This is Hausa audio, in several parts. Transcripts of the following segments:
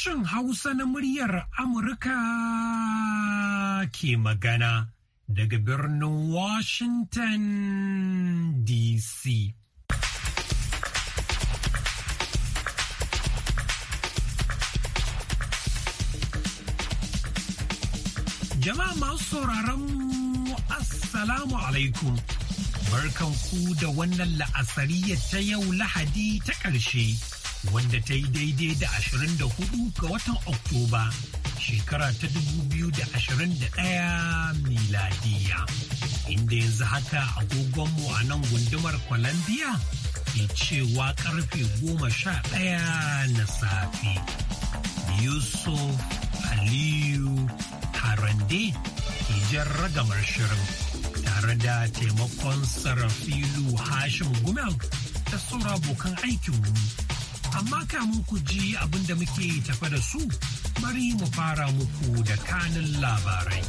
Sashen Hausa na muryar Amurka ke magana daga birnin Washington DC. Jama'a masu sauraron mu Assalamu alaikum. Barkan ku da wannan la'asariya ta yau Lahadi ta ƙarshe. wanda ta yi daidai da 24 ga watan Oktoba shekara ta 2021 miladiya. Inda yanzu haka agogonmu a nan gundumar Colombia ke cewa karfe 11 na safe. Yusuf Aliyu Harande ke jan ragamar shirin tare da taimakon Sarafilu Hashim Gumel da saura abokan aikinmu. Amma kamun ku ji abin da muke tafa da su bari mu fara muku da kanin labarai.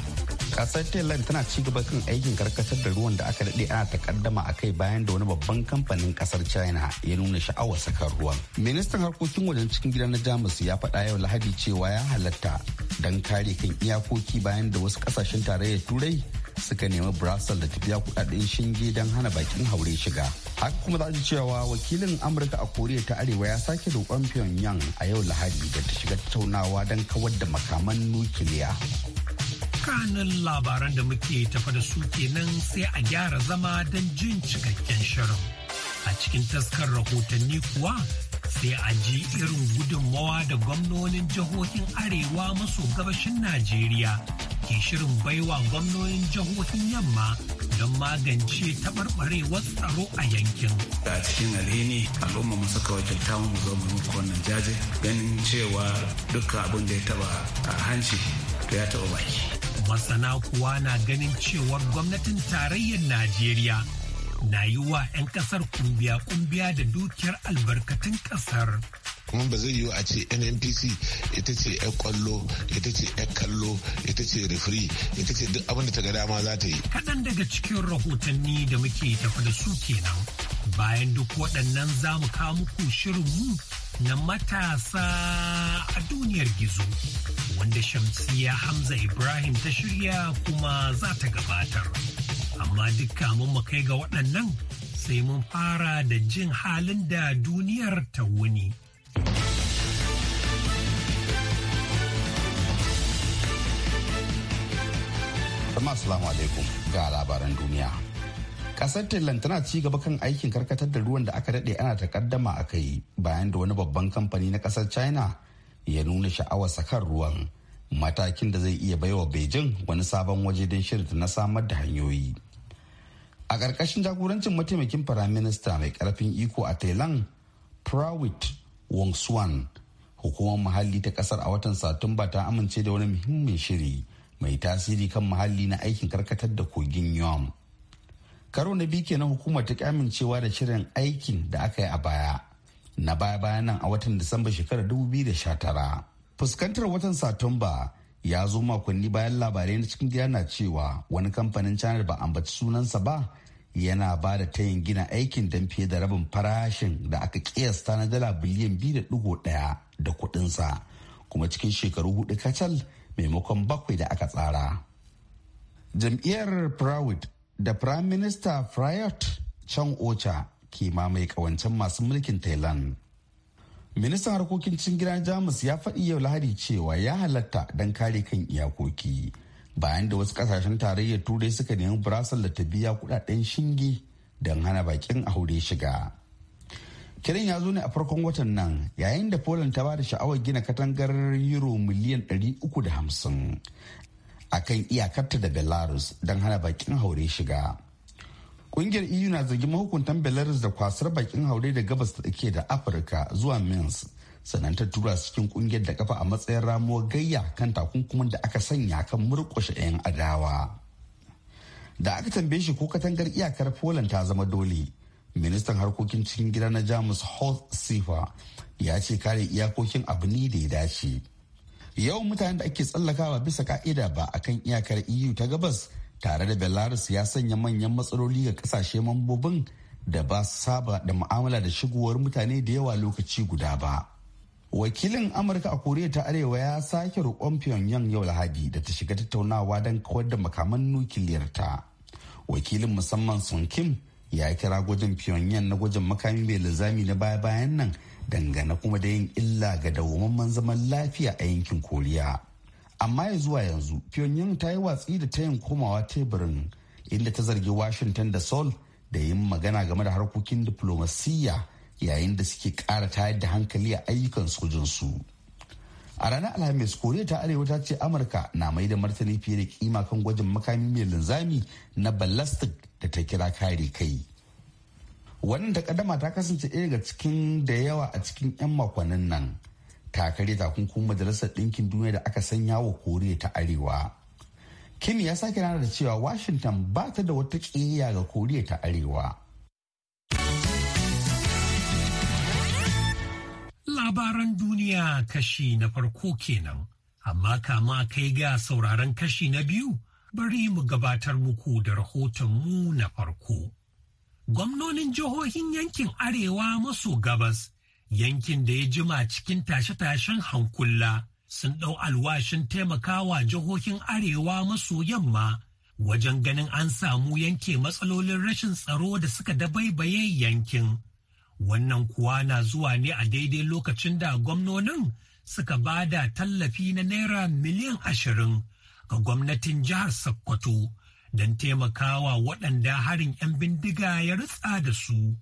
Kasar Thailand tana ci gaba kan aikin karkatar da ruwan da aka daɗe ana takaddama a kai bayan da wani babban kamfanin kasar China ya nuna sha'awar saka ruwan. Ministan harkokin wajen cikin gida na Jamus ya faɗa yau Lahadi cewa ya halatta don kare kan iyakoki bayan da wasu ƙasashen tarayyar Turai suka nemi Brussels da tafiya kudaden shinge don hana bakin haure shiga. Haka kuma za ji cewa wakilin Amurka a Koriya ta Arewa ya sake roƙon Pyongyang a yau Lahadi da ta shiga tattaunawa don kawar da makaman nukiliya. Kanan labaran da muke tafa da su kenan sai a gyara zama don jin cikakken shirin. A cikin taskar rahotanni kuwa sai a ji irin gudunmawa da gwamnonin jihohin arewa maso gabashin Najeriya ke shirin baiwa gwamnonin jihohin yamma don magance taɓarɓarewar tsaro a yankin. A cikin alhini al'umma mu suka wakilta mu zo mu muku wannan jaje ganin cewa duka abin da ya taɓa a hanci to ya taɓa baki. Masana kuwa na ganin cewar gwamnatin tarayyar Najeriya na yi wa 'yan ƙasar kumbiya kumbiya da dukiyar albarkatun ƙasar. kuma ba zai yiwu a ce nnpc ita ce yan kwallo ita ce yan kallo ita ce refri ita ce duk abin da ta ga dama za ta yi kaɗan daga cikin rahotanni da muke tafi da su kenan bayan duk waɗannan za mu kawo muku mu na matasa a duniyar gizo wanda shamsiya hamza ibrahim ta shirya kuma za ta gabatar amma dukka mun mu kai ga waɗannan sai mun fara da jin halin da duniyar ta wuni. jama'a salamu alaikum ga labaran duniya kasar thailand tana ci gaba kan aikin karkatar da ruwan da aka daɗe ana takaddama a kai bayan da wani babban kamfani na kasar china ya nuna sha'awar sakar ruwan matakin da zai iya baiwa beijing wani sabon waje don da na samar da hanyoyi a ƙarƙashin jagorancin mataimakin firaminista mai ƙarfin iko a thailand prawit wongsuan hukumar muhalli ta kasar a watan satumba ta amince da wani muhimmin shiri mai tasiri kan muhalli na aikin karkatar da kogin yom karo na biyu kenan hukumar ta amincewa da shirin aikin da aka yi a baya na baya bayan nan a watan disamba shekarar 2019 fuskantar watan satumba ya zo makonni bayan labarai na cikin gida na cewa wani kamfanin canar ba ambaci sunansa ba yana ba da tayin gina aikin don fiye da rabin farashin da aka kiyasta na dala biliyan 2.1 da kuɗinsa kuma cikin shekaru hudu kacal maimakon bakwai da aka tsara jam'iyyar proud da prime minister prayut chan ocha ke mamaye kawancen masu mulkin thailand ministan harkokin cin gidan jamus ya faɗi yau lahadi cewa ya halatta don kare kan iyakoki bayan da wasu ƙasashen tarayyar turai suka nemi brasil da ta biya kudaden shinge don hana bakin aure shiga kiran ya zo ne a farkon watan nan yayin da poland ta ba da sha'awar gina katangar euro miliyan 350 a kan iyakarta da belarus don hana bakin haure shiga kungiyar eu na zargin mahukuntan belarus da kwasar bakin haure da gabas ta ke da afirka zuwa minsk sannan ta tura cikin kungiyar da kafa a matsayin ramuwar gayya kan takunkumin da aka sanya kan murkushe 'yan adawa da aka tambaye shi ko katangar iyakar poland ta zama dole ministan harkokin cikin gida na jamus horst sifa ya ce kare iyakokin abu ne da ya dace yawan mutanen da ake tsallakawa bisa ka'ida ba a kan iyakar eu ta gabas tare da belarus ya sanya manyan matsaloli ga kasashe mambobin da ba saba da mu'amala da shigowar mutane da yawa lokaci guda ba wakilin amurka a koriya ta arewa ya sake roƙon pyongyang yau lahadi da ta shiga tattaunawa don kawar da makaman nukiliyarta wakilin musamman sun kim ya kira gwajin pyongyang na gwajin makami mai linzami na baya-bayan nan dangane kuma da yin illa ga dawwammamen zaman lafiya a yankin koriya amma ya zuwa yanzu pyongyang ta yi watsi da ta yin komawa teburin inda ta zargi washington da seoul da yin magana game da harkokin diflomasiyya yayin da suke kara tayar da hankali a ayyukan sojinsu a ranar alhamis koriya ta arewa ta ce amurka na mai da martani fiye da kima kan gwajin makami mai linzami na ballastic da ta kira kare kai wannan takaddama ta kasance ɗaya daga cikin da yawa a cikin 'yan makonnin nan ta kare takunkun majalisar ɗinkin duniya da aka sanya wa koriya ta arewa kim ya sake nana da cewa washington ba ta da wata ƙiyayya ga koriya ta arewa Labaran duniya kashi na farko kenan, amma kama kai ga sauraron kashi na biyu bari mu gabatar muku da rahoton mu na farko. Gwamnonin jihohin yankin Arewa maso gabas, yankin da ya jima cikin tashe-tashen hankula sun ɗau alwashin taimakawa jihohin Arewa maso yamma. wajen ganin an samu yanke matsalolin rashin tsaro da suka dabaibaye yankin Wannan kuwa na zuwa ne a daidai lokacin da gwamnonin suka ba da tallafi na Naira miliyan ashirin ga gwamnatin jihar Sokoto don taimakawa waɗanda harin 'yan bindiga ya ritsa da su.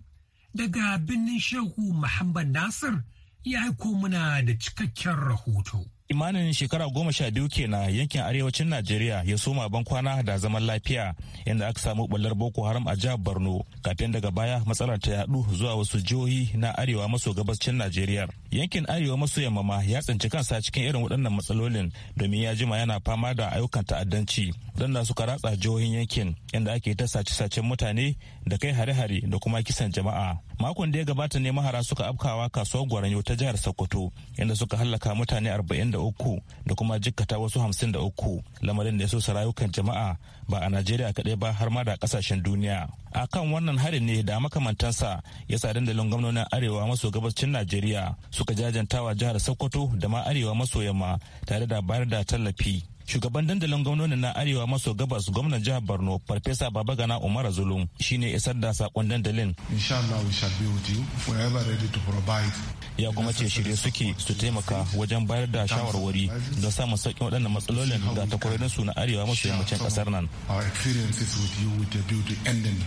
Daga birnin Shehu Muhammad Nasir ya aiko muna da cikakken rahoto. imanin shekara goma sha biyu kenan yankin arewacin najeriya ya soma ban kwana da zaman lafiya inda aka samu ɓullar boko haram a jihar borno kafin daga baya matsalar ta yadu zuwa wasu jihohi na arewa maso gabascin najeriya yankin arewa maso yamma ya tsinci kansa cikin irin waɗannan matsalolin domin ya jima yana fama da ayyukan ta'addanci don waɗanda suka ratsa jihohin yankin inda ake ta sace-sacen mutane da kai hare-hare da kuma kisan jama'a makon da ya gabata ne mahara suka afkawa kasuwar gwaranyo ta jihar sokoto inda suka hallaka mutane arba'in da uku da kuma jikkata wasu hamsin da uku lamarin da ya sosa rayukan jama'a ba a najeriya kaɗai ba har ma da kasashen duniya a kan wannan harin ne da makamantansa ya sa dandalin gwamnonin arewa maso gabashin najeriya suka jajantawa jihar sokoto da ma arewa maso yamma tare da bayar da tallafi shugaban dandalin gwamnonin na arewa maso gabas gwamnan jihar borno farfesa babagana umar zulum shine isar da sakon dandalin ya kuma ce shirye suke su taimaka wajen bayar da shawarwari don samun sauƙin waɗannan matsalolin da takwarorin su na arewa maso yammacin ƙasar nan. Our experiences with you with beauty ending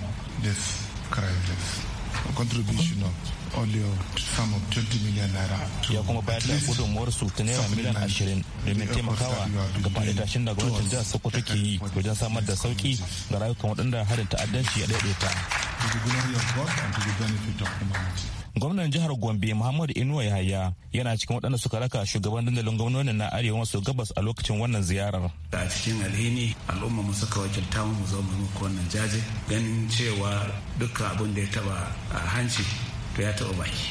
this crisis. contribution of only sum of 20 million naira. Ya kuma bayar da gudunmuwar su ta naira miliyan da domin taimakawa ga faɗi tashin da gwamnatin jihar Sokoto ke yi wajen samar da sauki ga rayukan waɗanda harin ta'addanci ya daidaita. To the glory of God and to the benefit of humanity. gwamnan jihar gombe muhammad inuwa yahaya yana cikin waɗanda suka raka shugaban dandalin gwamnonin na arewa maso gabas a lokacin wannan ziyarar a cikin alhini al'umma mu suka wakilta mu zo mu muku wannan jaje ganin cewa dukkan abin da ya taba hanci to ya taba baki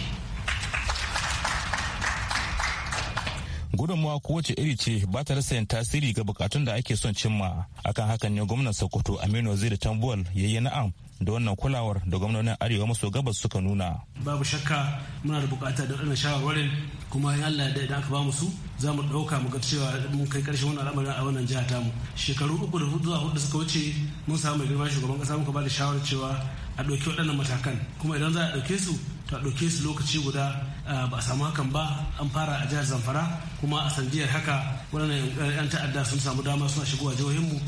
gudunmawa kowace iri ce ba ta rasa yin tasiri ga bukatun da ake son cimma akan hakan ne gwamnan sokoto aminu zai da tambuwal yayi na'am da wannan kulawar da gwamnonin arewa maso gabas suka nuna babu shakka muna da bukata da wadannan shawarwarin kuma ya allah da idan aka ba mu su za mu ɗauka mu ga cewa mun kai ƙarshen wannan al'amarin a wannan jiha tamu shekaru uku da hudu zuwa hudu suka wuce mun samu mai girma shugaban ƙasa muka ba da shawarar cewa a ɗauki waɗannan matakan kuma idan za a ɗauke su to a ɗauke su lokaci guda ba a samu hakan ba an fara a jihar zamfara kuma a sanjiyar haka waɗannan 'yan ta'adda sun samu dama suna shigowa jihohinmu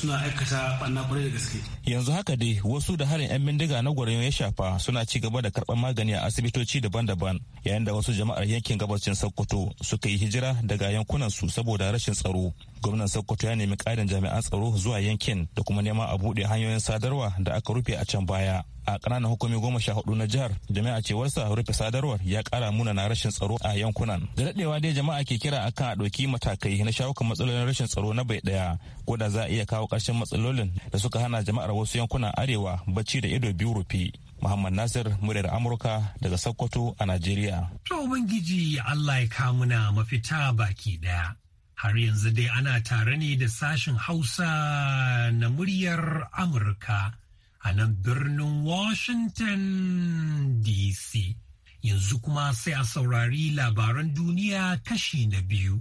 suna aikata ɓanna kwarai da gaske. Yanzu haka dai wasu da harin 'yan bindiga na gwarayon ya shafa suna ci gaba da karɓar magani a asibitoci daban-daban yayin da wasu jama'ar yankin gabashin Sokoto suka yi hijira daga yankunan su saboda rashin tsaro. gwamnan sokoto ya nemi ƙarin jami'an tsaro zuwa yankin da kuma neman a buɗe hanyoyin sadarwa da aka rufe a can baya a ƙananan hukumi goma sha hudu na jihar jami'a cewarsa rufe sadarwar ya ƙara muna na rashin tsaro a yankunan da daɗewa dai jama'a ke kira akan a ɗauki matakai na shawo kan matsalolin rashin tsaro na bai ɗaya ko da za a iya kawo ƙarshen matsalolin da suka hana jama'ar wasu yankunan arewa bacci da ido biyu rufe Muhammad Nasir muryar Amurka daga Sokoto a Najeriya. To Ubangiji Allah ya kamuna mafita baki daya. Har yanzu dai ana tare ne da sashen Hausa na muryar Amurka a nan birnin Washington DC. Yanzu kuma sai a saurari labaran duniya kashi na biyu.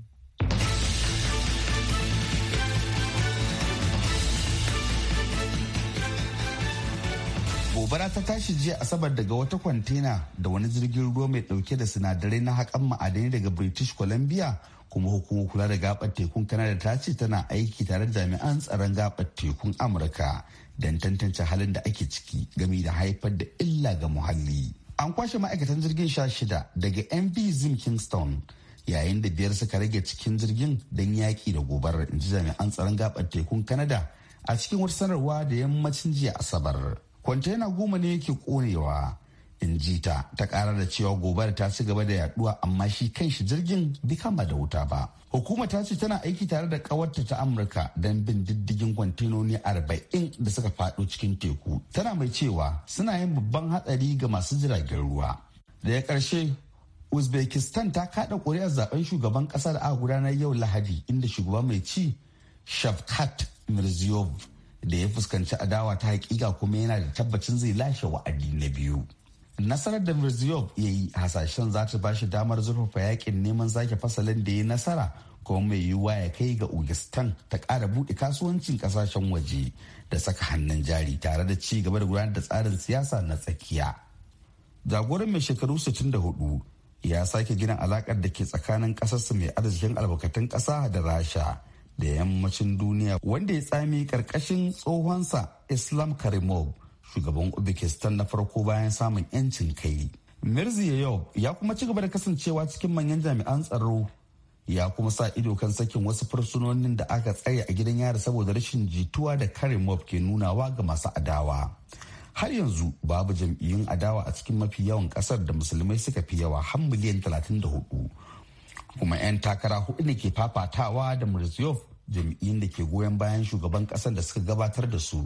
gobara ta tashi jiya asabar daga wata kwantena da wani jirgin ruwa mai dauke da sinadarai na haƙan ma'adanai daga british columbia kuma hukumar kula da gabar tekun kanada ta ce tana aiki tare da jami'an tsaron gabar tekun amurka don tantance halin da ake ciki game da haifar da illa ga muhalli an kwashe ma'aikatan jirgin sha shida daga mv zim kingston yayin da biyar suka rage cikin jirgin don yaƙi da gobarar in ji jami'an tsaron gabar tekun kanada a cikin wata sanarwa da yammacin jiya asabar kwantena goma ne yake konewa in ji ta ta kara da cewa gobara ta ci gaba da yaduwa amma shi kan shi jirgin bai kama da wuta ba hukuma ta ce tana aiki tare da kawarta ta amurka don bin diddigin kwantenoni arba'in da suka fado cikin teku tana mai cewa suna yin babban hatsari ga masu jiragen ruwa da ya karshe uzbekistan ta kada kuri'a zaben shugaban kasa da aka gudanar yau lahadi inda shugaba mai ci shafkat mirziyov da ya fuskanci adawa ta hakika kuma yana da tabbacin zai lashe wa'adi na biyu Nasarar da Mirziyov ya yi hasashen za ta ba damar zurfafa yakin neman zaki fasalin da ya nasara kuma mai yiwuwa ya kai ga Ugistan ta ƙara buɗe kasuwancin kasashen waje da saka hannun jari tare da ci gaba da gudanar da tsarin siyasa na tsakiya. Jagoran mai shekaru 64 ya sake gina alakar da ke tsakanin ƙasarsa mai arzikin albarkatun ƙasa da Rasha da yammacin duniya wanda ya tsami ƙarƙashin tsohonsa Islam Karimov. shugaban uzbekistan na farko bayan samun 'yancin kai mirziyoyev ya kuma ci gaba da kasancewa cikin manyan jami'an tsaro ya kuma sa ido kan sakin wasu fursunonin da aka tsaya a gidan yari saboda rashin jituwa da karin mob ke nunawa ga masu adawa har yanzu babu jam'iyyun adawa a cikin mafi yawan kasar da musulmai suka fi yawa har miliyan 34 kuma 'yan takara hudu ne ke fafatawa da mirziyov jam'iyyun da ke goyon bayan shugaban kasar da suka gabatar da su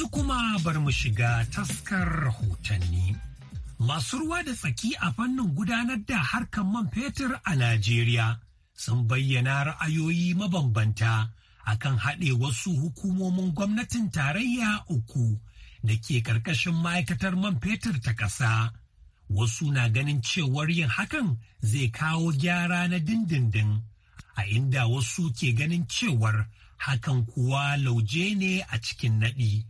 yanzu kuma bar mu shiga taskar rahotanni. Masu ruwa da tsaki a fannin gudanar da harkar man fetur a Najeriya sun bayyana ra'ayoyi mabambanta akan haɗe wasu hukumomin gwamnatin tarayya uku da ke ƙarƙashin ma'aikatar man fetur ta ƙasa. Wasu na ganin cewar yin hakan zai kawo gyara na dindindin, a inda wasu ke ganin cewar hakan kuwa lauje ne a cikin naɗi.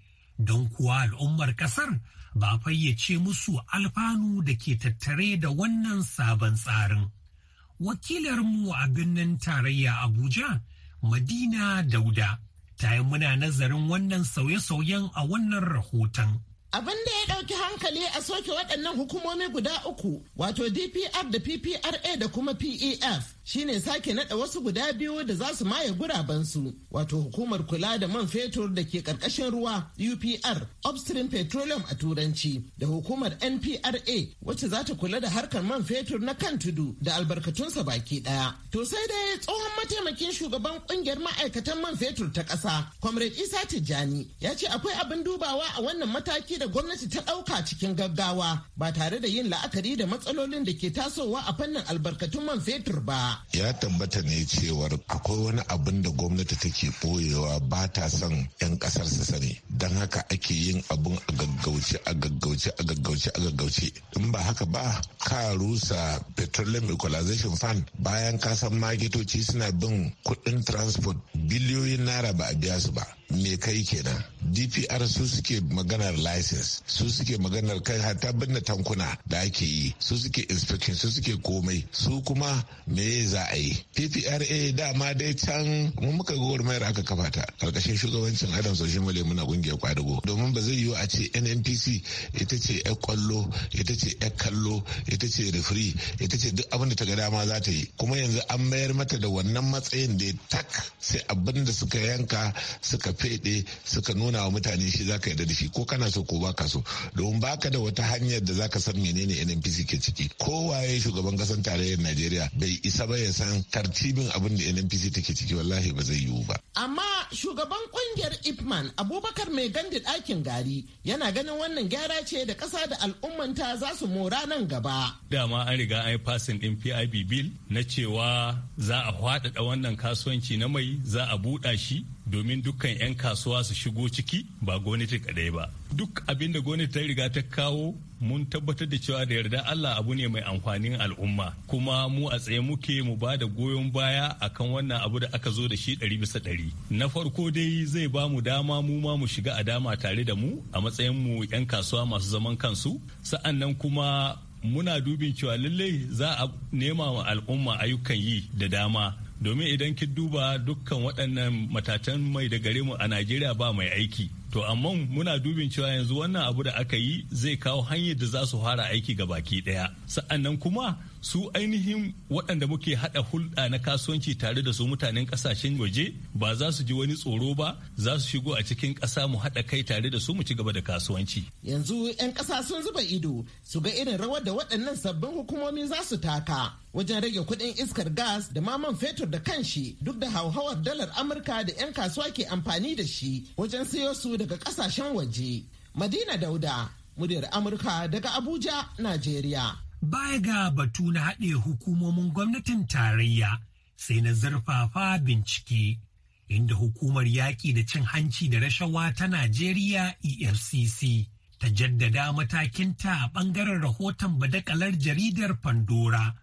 don kuwa al'ummar kasar ba fayyace musu alfanu da ke tattare da wannan sabon tsarin. Wakilarmu a birnin tarayya Abuja, Madina Dauda, ta yi muna nazarin wannan sauye-sauyen a wannan rahoton. Abin da ya ɗauki hankali a soke waɗannan hukumomi guda uku, wato DPR da PPRA da kuma PEF. shine sake nada wasu guda biyu da za su maye gurabensu wato hukumar kula da man fetur da ke karkashin ruwa upr upstream petroleum a turanci da hukumar npra wacce za ta kula da harkar man fetur na kan tudu da albarkatunsa baki daya to sai dai tsohon mataimakin shugaban kungiyar ma'aikatan man fetur ta ƙasa, comrade isa tijjani ya ce akwai abin dubawa a wannan mataki da gwamnati ta ɗauka cikin gaggawa ba tare da yin la'akari da matsalolin da ke tasowa a fannin albarkatun man fetur ba ya tambata ne cewar akwai wani abin da gwamnati take boyewa ba ta son 'yan kasar su sani don haka ake yin abun a gaggauce a gaggauce a gaggauce a gaggauce in ba haka ba ka rusa petroleum equalization fund bayan kasan magitoci suna bin kudin transport biliyoyin naira ba a biya su ba me kai kenan dpr su suke maganar license su suke maganar kai ta binne tankuna da ake yi su suke inspection su suke komai su kuma me za a yi ppra dama dai can mun muka gwagwarmayar aka kafa ta karkashin shugabancin adam soshin male muna kungiyar kwadugo domin ba zai yiwu a ce nnpc ita ce yar kwallo ita ce yar kallo ita ce refri ita ce duk abin da ta ga dama za ta yi kuma yanzu an mayar mata da wannan matsayin da tak sai abinda suka yanka suka feɗe suka nuna wa mutane shi ka yarda da shi ko kana so ko baka so domin baka da wata hanyar da za ka san menene NNPC ke ciki kowaye shugaban kasan tarayyar Najeriya bai isa ba ya san tartibin abin da NNPC take ciki wallahi ba zai yiwu ba amma shugaban kungiyar Ipman Abubakar mai gandi ɗakin gari yana ganin wannan gyara ce da kasa da al'ummanta za su mora nan gaba dama an riga an yi fasin ɗin PIB bill na cewa za a faɗaɗa wannan kasuwanci na mai za a buɗa shi domin dukkan 'yan kasuwa su shigo ciki ba gwamnati kadai ba duk abin da gwamnati ta riga ta kawo mun tabbatar da cewa da yarda Allah abu ne mai amfanin al'umma kuma mu a tsaye muke mu ba da goyon baya akan wannan abu da aka zo da shi ɗari bisa ɗari na farko dai zai ba mu dama mu ma mu shiga a dama tare da mu a matsayin mu 'yan kasuwa masu zaman kansu sa'an nan kuma muna dubin cewa lallai za a nema wa al'umma ayyukan yi da dama domin idan ki duba dukkan waɗannan matatan mai da gare mu a najeriya ba mai aiki to amma muna dubin cewa yanzu wannan abu da aka yi zai kawo hanyar da za su fara aiki ga baki ɗaya sa'annan kuma su ainihin waɗanda muke haɗa hulɗa na kasuwanci tare da su mutanen ƙasashen waje ba za su ji wani tsoro ba za su shigo a cikin ƙasa mu haɗa kai tare da su mu ci gaba da kasuwanci. Yanzu 'yan ƙasa sun zuba ido su ga irin rawar da waɗannan sabbin hukumomi za su taka wajen rage kuɗin iskar gas da ma man fetur da kanshi duk da hauhawar dalar Amurka da 'yan kasuwa ke amfani da shi wajen siyo su daga ƙasashen waje. Madina Dauda, muryar Amurka daga Abuja, Najeriya. baya ga batu na haɗe hukumomin gwamnatin tarayya sai na zurfafa bincike inda hukumar yaƙi da cin hanci da rashawa ta najeriya efcc ta jaddada matakinta a ɓangaren rahoton badakalar jaridar pandora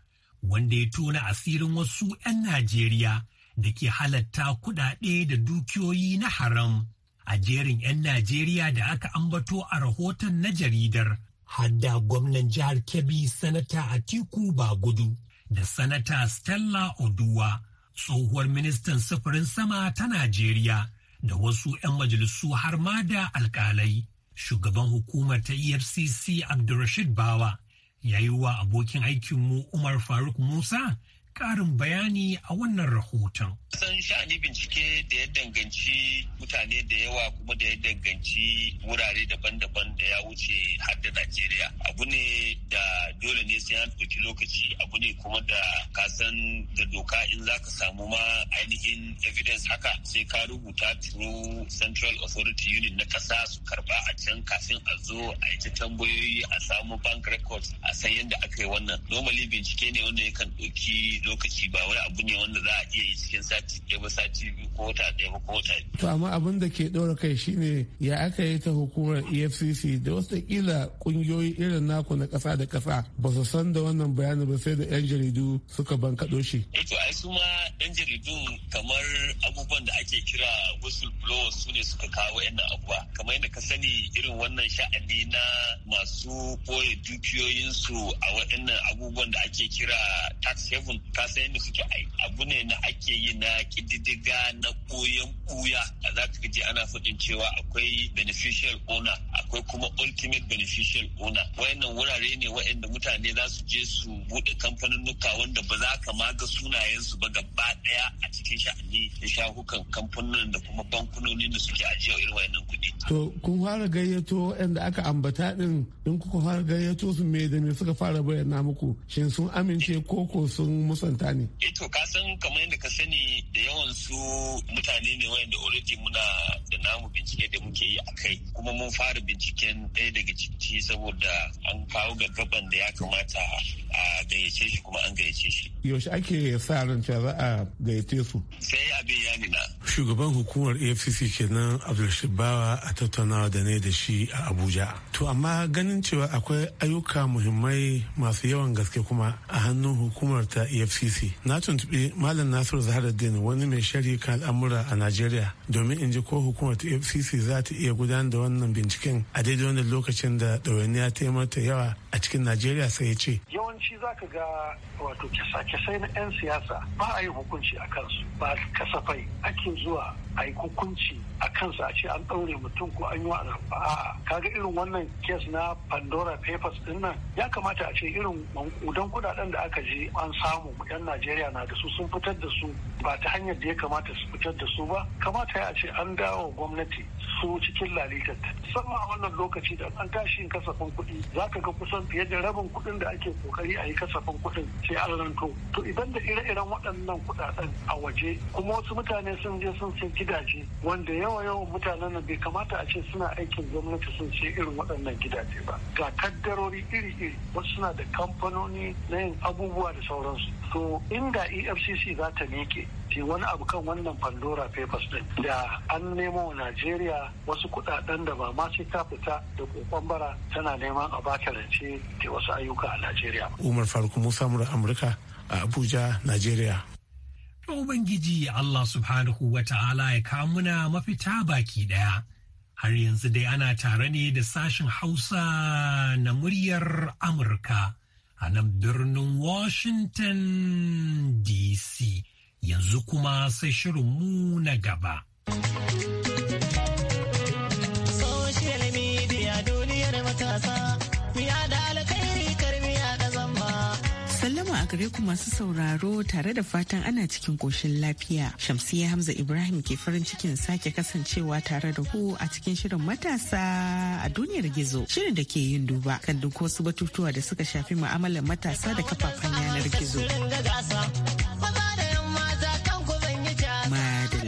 wanda ya tona asirin wasu 'yan najeriya da ke halatta kuɗaɗe da dukiyoyi na haram a jerin 'yan najeriya da aka ambato a rahoton na jaridar hadda gwamnan jihar Kebbi Sanata Atiku Bagudu da Sanata Stella Oduwa tsohuwar ministan sufurin sama ta Najeriya da wasu 'yan majalisu har ma da alkalai. Shugaban hukumar ta EFCC Abdulrashid Bawa ya yi wa abokin aikinmu Umar Faruk Musa ƙarin bayani a wannan rahoton. san sha'ani bincike da ya danganci mutane da yawa kuma da ya danganci wurare daban-daban da ya wuce har da najeriya abu ne da dole ne sai an ɗauki lokaci abu ne kuma da ka san da doka in za ka samu ma ainihin evidence haka sai ka rubuta through central authority unit na kasa su karba a can kafin a zo a yi tambayoyi a samu bank records a san yadda aka yi wannan normally bincike ne wanda yakan ɗauki lokaci ba wai abu ne wanda za a iya yi cikin sa sati ɗaya ba sati biyu ko wata ɗaya ba ko wata biyu. To amma abin da ke ɗora kai shine ya aka yi ta hukumar EFCC da wasu kila ƙungiyoyi irin naku na ƙasa da ƙasa ba su san da wannan bayani ba sai da 'yan jaridu suka bankaɗo shi. Eh to ai su ma 'yan jaridu kamar abubuwan da ake kira whistleblower su ne suka kawo 'yan abubuwa kamar yadda ka sani irin wannan sha'ani na masu boye dukiyoyinsu a waɗannan abubuwan da ake kira tax haven ka san yadda suke abu ne na ake yi na da kididdiga na ɓoyen ɓuya a za ka je ana faɗin cewa akwai beneficial owner akwai kuma ultimate beneficial owner wayannan wurare ne wayanda mutane za su je su buɗe kamfaninnuka wanda ba za ka maga ga sunayensu ba gaba ɗaya a cikin sha'ani da shahukan kamfanin da kuma bankunonin da suke ajiye irin wayannan kuɗi. to kun fara gayyato yanda aka ambata ɗin in kuka fara gayyato su me da me suka fara bayyana muku shin sun amince ko ko sun musanta ne. eh to ka san kamar yadda ka sani su mutane ne wayanda already muna namu bincike da muke yi a kai kuma mun fara binciken ɗaya daga ciki saboda an kawo gaban da ya kamata a gayyace shi kuma an gayyace shi yaushe ake sa ran cewa za a gayyace su sai abin ya na. shugaban hukumar afcc kenan abdulrashid bawa a tattaunawa da ne da shi a abuja to amma ganin cewa akwai ayyuka muhimmai masu yawan gaske kuma a hannun hukumar ta efcc na tuntuɓi malam nasiru zaharuddin wani mai shari'a al'amura a najeriya domin in ji ko hukumar wato fcc za ta iya gudanar da wannan binciken a daidai wannan lokacin da ɗawainiya ta yi mata yawa a cikin najeriya sai ya ce yawanci za ka ga wato kyasa-kyasai na 'yan siyasa ba a yi hukunci a kansu ba kasafai ake zuwa a hukunci a kansa a ce an ɗaure mutum ko an yi wa a kaga irin wannan kes na pandora papers din nan ya kamata a ce irin udan kudaden da aka je an samu yan najeriya na da su sun fitar da su ba ta hanyar da ya kamata su fitar da su ba kamata ya ce an dawo gwamnati su cikin lalitat musamman a wannan lokaci da an tashi kasafin kuɗi za ka ga kusan fiye da rabin kuɗin da ake kokari a yi kasafin kuɗin sai an ranto to idan da ire-iren waɗannan kuɗaɗen a waje kuma wasu mutane sun je sun sai gidaje wanda yawa yawan mutanen nan bai kamata a ce suna aikin gwamnati sun sai irin waɗannan gidaje ba ga kaddarori iri-iri wasu suna da kamfanoni na yin abubuwa da sauransu to inda efcc za ta neke. bincike wani abu kan wannan pandora papers din da an nemo najeriya wasu kudaden da ba ma sai ta fita da kokon bara tana neman a baka rance da wasu ayyuka a najeriya umar farko musa mura amurka a abuja najeriya ubangiji allah subhanahu wa ta'ala ya kamuna mafita baki daya har yanzu dai ana tare ne da sashen hausa na muryar amurka a nan birnin Washington DC. yanzu kuma sai shirin mu na gaba. Social gare ku masu sauraro tare da fatan ana cikin koshin lafiya. Shamsiyya Hamza Ibrahim ke farin cikin sake kasancewa tare da ku a cikin shirin matasa a duniyar gizo. Shirin da ke yin duba kan duk wasu batutuwa da suka shafi mu'amalar matasa da kafafen yanar gizo.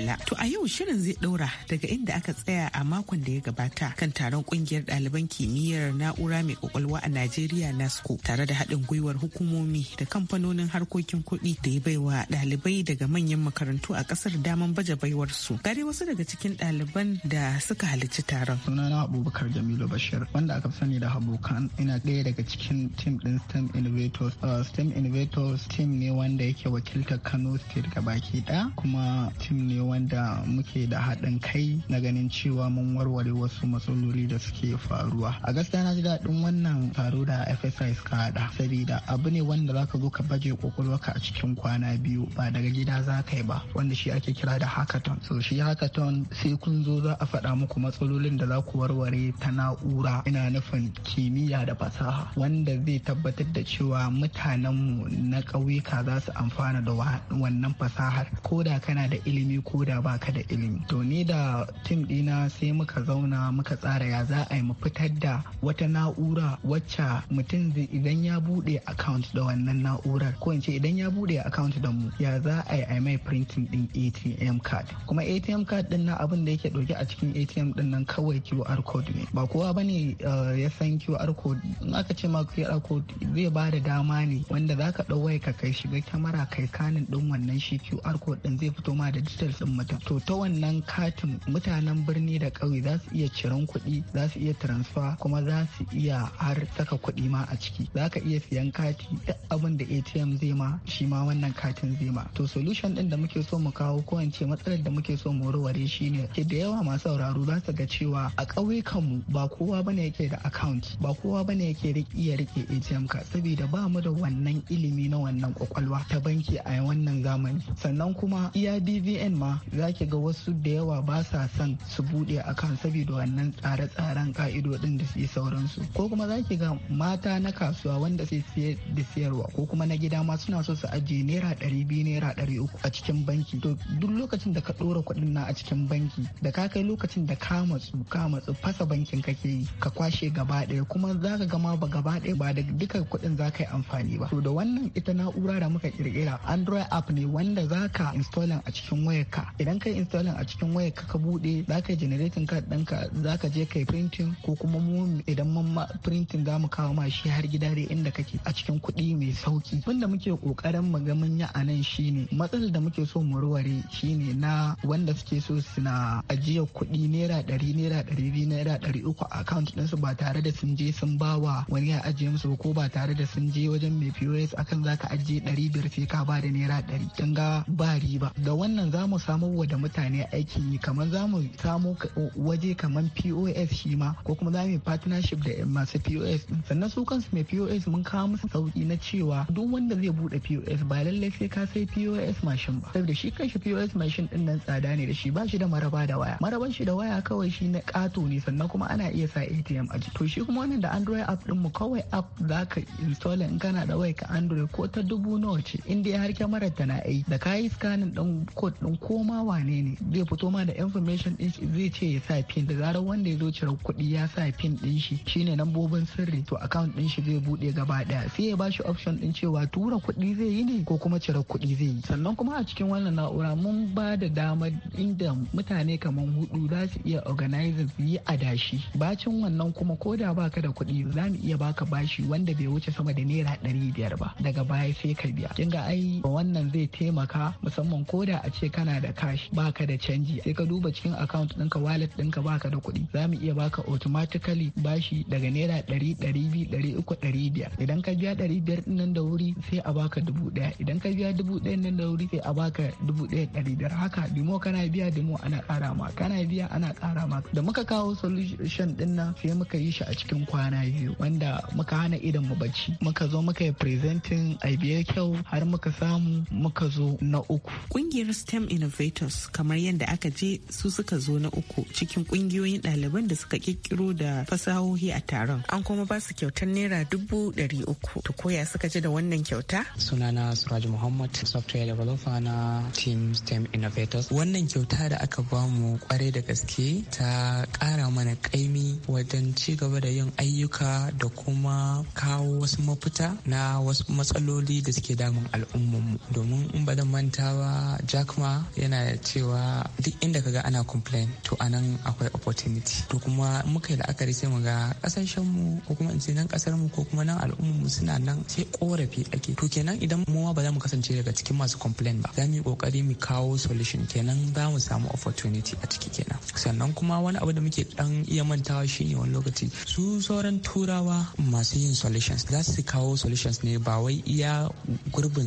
Bala. To a yau shirin zai ɗaura daga inda aka tsaya a makon da ya gabata kan taron kungiyar ɗaliban kimiyyar na'ura mai kwakwalwa a Najeriya NASCO tare da haɗin gwiwar hukumomi da kamfanonin harkokin kuɗi da ya baiwa ɗalibai daga manyan makarantu a ƙasar daman baje baiwarsu. Gare wasu daga cikin ɗaliban da suka halici taron. Sunana Abubakar Jamilu Bashir wanda aka sani da Habukan ina ɗaya daga cikin tim ɗin STEM Innovators. Uh, STEM Innovators tim ne wanda yake wakiltar Kano State gabaki ɗaya kuma tim ne wanda wanda muke da haɗin kai na ganin cewa mun warware wasu matsaloli da suke faruwa a gaskiya na ji daɗin wannan taro da fsi suka haɗa saboda abu ne wanda zaka zo ka baje kwakwalwarka a cikin kwana biyu ba daga gida za ka yi ba wanda shi ake kira da hackathon so shi hackathon sai kun zo za a faɗa muku matsalolin da za ku warware ta na'ura ina nufin kimiyya da fasaha wanda zai tabbatar da cewa mutanenmu na ƙauyuka za su amfana da wannan fasahar ko da kana da ilimi ko da baka da ilimi to ni da tim dina sai muka zauna muka tsara ya za a yi mu fitar da wata na'ura wacce mutum idan ya bude account da wannan na'urar ko in ce idan ya bude account da mu ya za a yi mai printing din ATM card kuma ATM card din na abin da yake dauke a cikin ATM din nan kawai QR code ne ba kowa bane eh, ya san QR code in aka ce ma QR code zai ba da dama ne wanda zaka dau waya ka kai shiga kyamara kai kanin din wannan shi QR code din zai fito ma da details din to ta wannan katin mutanen birni da ƙauye za su iya ciran kuɗi za su iya transfer kuma za su iya har saka kuɗi ma a ciki za ka iya siyan kati duk abin da atm zai ma shi ma wannan katin zai ma to solution din da muke so mu kawo ko ce matsalar da muke so mu warware shine ke da yawa masu sauraro za su ga cewa a ƙauyukanmu mu ba kowa ne yake da account ba kowa ne yake iya rike atm ka saboda ba mu da wannan ilimi na wannan kwakwalwa ta banki a wannan zamani sannan kuma iya bvn ma za ki ga wasu da yawa ba sa son su buɗe kan saboda wannan tsare-tsaren ka'idodin da su sauransu ko kuma za ki ga mata na kasuwa wanda sai siye da siyarwa ko kuma na gida ma suna so su ajiye naira ɗari biyu naira ɗari uku a cikin banki to duk lokacin da ka ɗora kuɗin na a cikin banki da ka kai lokacin da ka matsu ka matsu fasa bankin kake yi ka kwashe gaba ɗaya kuma za ka gama ba gaba ɗaya ba da duka kuɗin za ka yi amfani ba to da wannan ita na'ura da muka kirkira android app ne wanda za ka installing a cikin wayarka idan yi installing a cikin waya ka bude za ka generating card ɗinka za ka je kai printing ko kuma mu idan mun ma printing za mu kawo ma shi har gida dai inda kake a cikin kuɗi mai sauki wanda muke kokarin mu ga mun yi a nan shine matsalar da muke so mu ruware shine na wanda suke so suna ajiya kuɗi naira ɗari naira ɗari biyu naira ɗari uku a account ɗinsu ba tare da sun je sun bawa wani ya ajiye musu ko ba tare da sun je wajen mai POS akan zaka ajiye ɗari biyar sai ka bada da naira ɗari. Kin ga ba riba. Da wannan zamu mu samu samar wa da mutane aikin yi kamar za mu samu waje kamar pos shi ma ko kuma za mu yi partnership da masu pos din sannan su kansu mai pos mun kawo musu sauki na cewa duk wanda zai bude pos ba lallai sai ka sai pos mashin ba saboda shi kanshi pos mashin din nan tsada ne da shi ba shi da maraba da waya maraban shi da waya kawai shi na kato ne sannan kuma ana iya sa atm a to shi kuma wannan da android app din mu kawai app za ka install in kana da waya ka android ko ta dubu nawa ce in dai har kyamarar ta na aiki da kayi scanning din code din koma ma wane ne zai fito ma da information din shi zai ce ya sa pin da zarar wanda ya zo cire kuɗi ya sa pin din shi shine lambobin sirri to account din shi zai bude gaba daya sai ya bashi option din cewa tura kuɗi zai yi ne ko kuma cire kuɗi zai yi sannan kuma a cikin wannan na'ura mun ba da damar inda mutane kamar hudu za su iya organizing su yi adashi bacin wannan kuma ko da baka da kuɗi za mu iya baka bashi wanda bai wuce sama da naira ɗari biyar ba daga baya sai ka biya kinga ai wannan zai taimaka musamman ko da a ce kana da cash baka da canji sai ka duba cikin account ɗinka wallet ɗinka baka da kuɗi za mu iya baka automatically bashi daga naira ɗari ɗari biyu ɗari uku ɗari biyar idan ka biya ɗari biyar nan da wuri sai a baka dubu ɗaya idan ka biya dubu ɗaya nan da wuri sai a baka dubu ɗaya ɗari biyar haka dimo kana biya dimo ana ƙara ma kana biya ana ƙara ma da muka kawo solution ɗin nan sai muka yi shi a cikin kwana biyu wanda muka hana idan mu bacci muka zo muka yi presenting a biya kyau har muka samu muka zo na uku. Ƙungiyar STEM Innovation moderators kamar yadda aka je su suka zo na uku cikin kungiyoyin ɗaliban da suka ƙirƙiro da fasahohi a taron an kuma ba su kyautar naira dubu ɗari uku to koya suka ji da wannan kyauta sunana suraj muhammad software developer na team stem innovators wannan kyauta da aka ba mu kwarai da gaske ta ƙara mana ƙaimi wajen ci gaba da yin ayyuka da kuma kawo wasu mafita na wasu matsaloli da suke damun al'ummarmu domin in ba da manta ba jack ma yana magana cewa duk inda kaga ana complain to anan akwai opportunity to kuma muka yi la'akari sai muga ga kasashen mu ko kuma in ce nan kasar mu ko kuma nan al'ummar mu suna nan sai korafi ake to kenan idan mu ba za mu kasance daga cikin masu complain ba za mu yi kokari mu kawo solution kenan za mu samu opportunity a ciki kenan sannan kuma wani abu da muke dan iya mantawa shine wani lokaci su sauran turawa masu yin solutions za su kawo solutions ne ba wai iya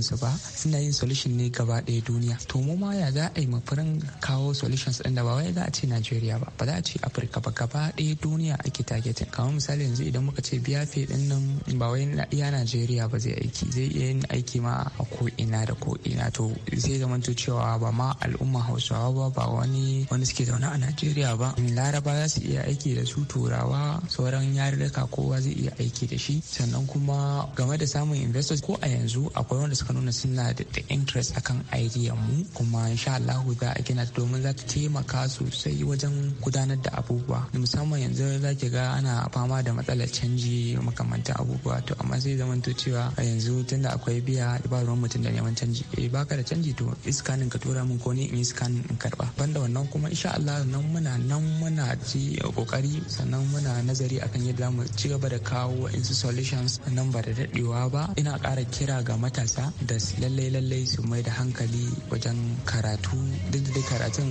su ba suna yin solution ne gaba ɗaya duniya to mu ma ya za a yi kawo solutions ɗin da ba wai za a ce Najeriya ba ba za a ce Afirka ba gaba ɗaya duniya ake targeting kamar misali yanzu idan muka ce biya fe ɗin nan ba wai iya Najeriya ba zai aiki zai iya yin aiki ma a ko ina da ko ina to zai zamanto cewa ba ma al'umma Hausawa ba ba wani wani suke zaune a Najeriya ba Laraba za su iya aiki da su Turawa sauran yarurruka kowa zai iya aiki da shi sannan kuma game da samun investors ko a yanzu akwai wanda suka nuna suna da interest akan idea mu kuma insha Allahu za a gina domin za ta taimaka sosai wajen gudanar da abubuwa musamman yanzu za ki ga ana fama da matsalar canji makamantan abubuwa to amma sai zaman to cewa a yanzu tunda akwai biya ba ruwan mutum da neman canji eh baka da canji to iskanin ka tura min ko ni in yi in karba banda wannan kuma insha Allah nan muna nan muna ci kokari sannan muna nazari akan yadda mu ci gaba da kawo su solutions nan ba da dadewa ba ina kara kira ga matasa da lallai lallai su mai da hankali wajen karatu karatu duk da karatun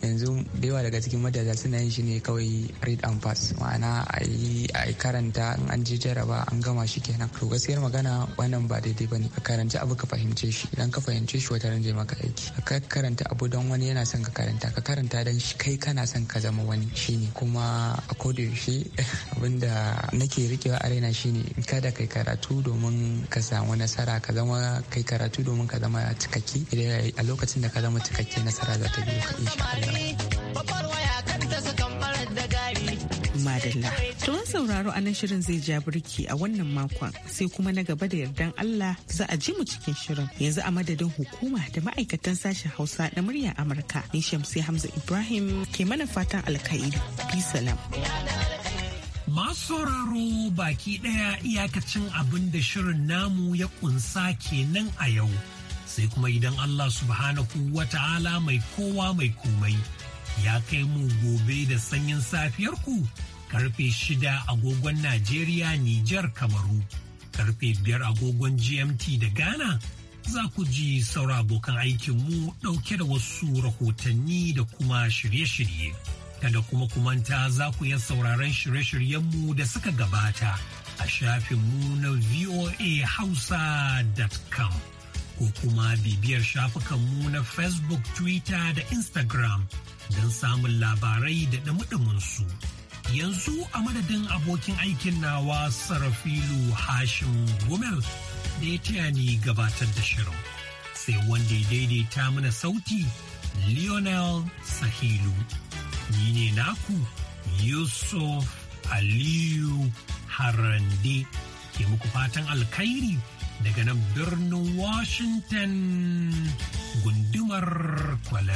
yanzu da yawa daga cikin madaza suna yin shi ne kawai read and pass ma'ana a yi a karanta an je jaraba an gama shi kenan to gaskiyar magana wannan ba daidai ba ne ka karanci abu ka fahimce shi idan ka fahimce shi wata ran maka aiki ka karanta abu don wani yana son ka karanta ka karanta don shi kai kana son ka zama wani shine kuma a koda yaushe abinda nake rikewa a raina shine kada kai karatu domin ka samu nasara ka zama kai karatu domin ka zama cikakki cikakke a lokacin da ka zama kuma cikakken nasara za ta biyo ka insha Madalla. To sauraro a nan shirin zai ja birki a wannan makon sai kuma na gaba da yardan Allah za a ji mu cikin shirin yanzu a madadin hukuma da ma'aikatan sashen Hausa na muryar Amurka. Ni Shamsi Hamza Ibrahim ke mana fatan alkhairi. Bi salam. Masu sauraro baki ɗaya iyakacin abin da shirin namu ya kunsa kenan a yau. sai kuma idan Allah subhanahu wa ta'ala mai kowa mai komai ya kai mu gobe da sanyin safiyarku karfe shida agogon Najeriya Nijar Kamaru karfe biyar agogon GMT da Ghana za ku ji saura abokan aikinmu ɗauke da wasu rahotanni da kuma shirye-shirye. Kada kuma kumanta za ku iya sauraron shirye-shiryenmu da suka gabata a shafinmu na voahausa.com. ko kuma bibiyar shafukanmu na Facebook, Twitter da Instagram don samun labarai da su. Yanzu a madadin abokin aikin nawa Sarafilu Hashim Gumel da ya taya ni gabatar da shirin. Sai wanda ya daidaita mana sauti Lionel Sahilu. Ni ne naku Yusuf Aliyu Harande ke muku fatan alkhairi. daga nan birnin Washington gundumar Columbia.